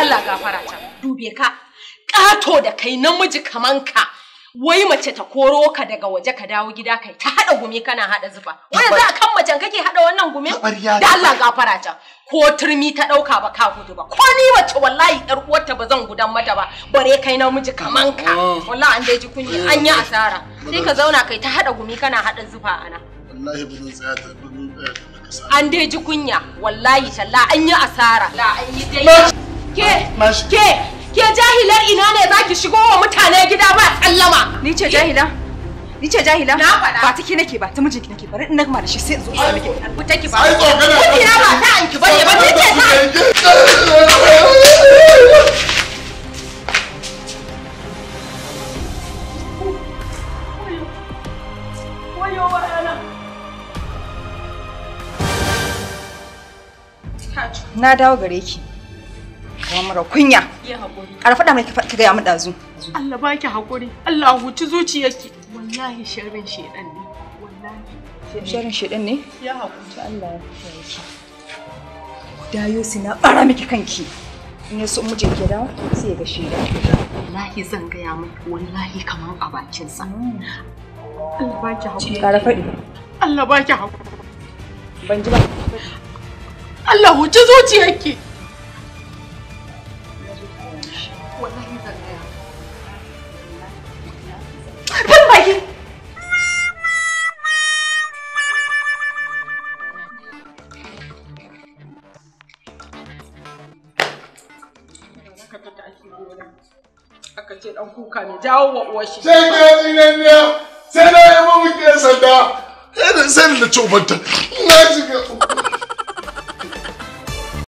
Allah gafara ta dube ka ƙato da kai namiji kaman ka wai mace ta koro ka daga waje ka dawo gida kai ta hada gumi kana hada zufa wai za a kan macen kake hada wannan gumi da Allah gafara ta ko turmi ta dauka ba ka gudu ba ko ni mace wallahi yar uwarta ba zan gudan mata ba bare kai namiji kaman ka mm-hmm. wallahi an dai ji kunya an yi asara sai ka zauna kai ta hada gumi kana hada zufa ana wallahi ba zan tsaya ta an dai ji kunya wallahi talla an yi asara la an yi dai ke ke ke jahilar ina ne zaki shigo wa mutane gida ba tsallama. ni ce jahila ni ce jahila na faɗa ba take nake ba ta mijinki nake bari in na gama da shi sai in zo in miki ku take ba ai tsogana ku ina ba ta anki bane ba ce ta Na dawo gare ki. Kuma mara kunya. Ƙara faɗa mai ki gaya min ɗazu. Allah ba ki haƙuri. Allah huci zuciyarki. Wallahi sharrin shedan ne. Wallahi. Sharrin shedan ne? Ya haƙuri. Allah ya ki. Dayo sina ɓara miki kanki. in ya so mijin ke dawo sai ya ga shi wallahi zan gaya miki wallahi kaman a bakinsa. sa mm. Allah ba ki hakuri kare faɗi Allah ba ki hakuri ban ji ba Allah huci zuciyarki takardar da ake aka ce dan kuka ne dawo wa uwar shi sai ka zinanniya sai na yi mamu ke sanda irin sai da cobanta na shiga